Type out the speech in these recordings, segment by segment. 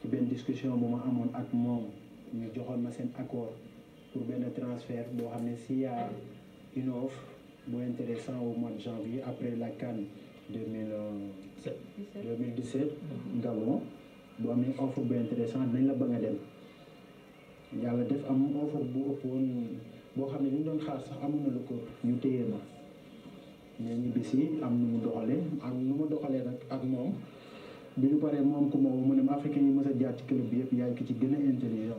ci benn discussion bu ma amoon ak moom ñu joxoon ma seen accord pour benn transfert boo xam ne s'il y a une offre bu intéressant au mois de janvier après la CAN 2017 2017 mhm. Gabon bu amee offre bu intéressant nañ la ba nga dem yàlla def am offre bu ëpp boo xam ne li ñu doon xaar sax amoon ko ñu téye ma mais ñibbisi am nu mu doxale moom ko moom mu ne ma africain yi mës a jaar ci club bi yëpp yaay ki ci gën a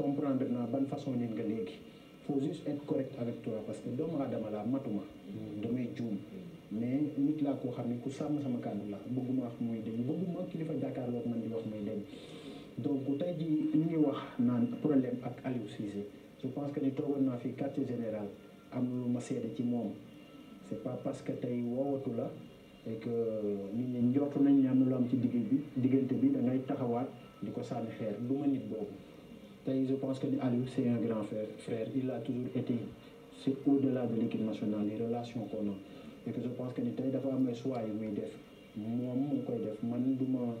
comprendre naa ban façon nit nga léegi faut juste être correct avec parce que doomu aadama laa matuma damay juum mais nit laa koo xam ne ku sàmm sama kàddu la bëgguma wax muy dem bëgguma kilifa jàkkaarloog man di wax muy dem donc tey jii ngi wax naan problème ak Aliou Cissé je pense que ni toogoon naa fi quartier général am lu ma seede ci moom c'est pas parce que tey woowatu la et que nit ñi njort nañ ne am na lu am ci digg bi diggante bi da taxawaat di ko sànni xeer du ma nit boobu tey je pense que ni Aliou c'est un grand frère frère il a toujours été c'est au-delà de l'équipe nationale les relations qu'on a et que je pense que ni tey dafa am ay choix yu muy def moom mu koy def man du ma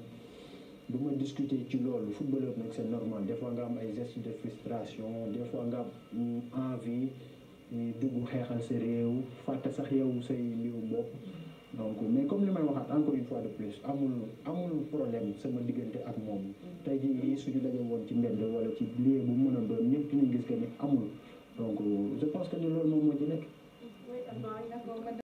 du ma discuter ci loolu footballeur nag c'est normal des nga am ay gestes de frustration des fois nga am mm, envie eh, dugg xeexal sa réew fàtte sax yow say mbiru bopp donc mais comme li may waxaat encore une fois de plus amul amul problème sama diggante ak moom tey jii suñu daje woon ci mbedd wala ci lieu bu mën a doon ñëpp ñu gis que ni amul donc euh, je pense que ni loolu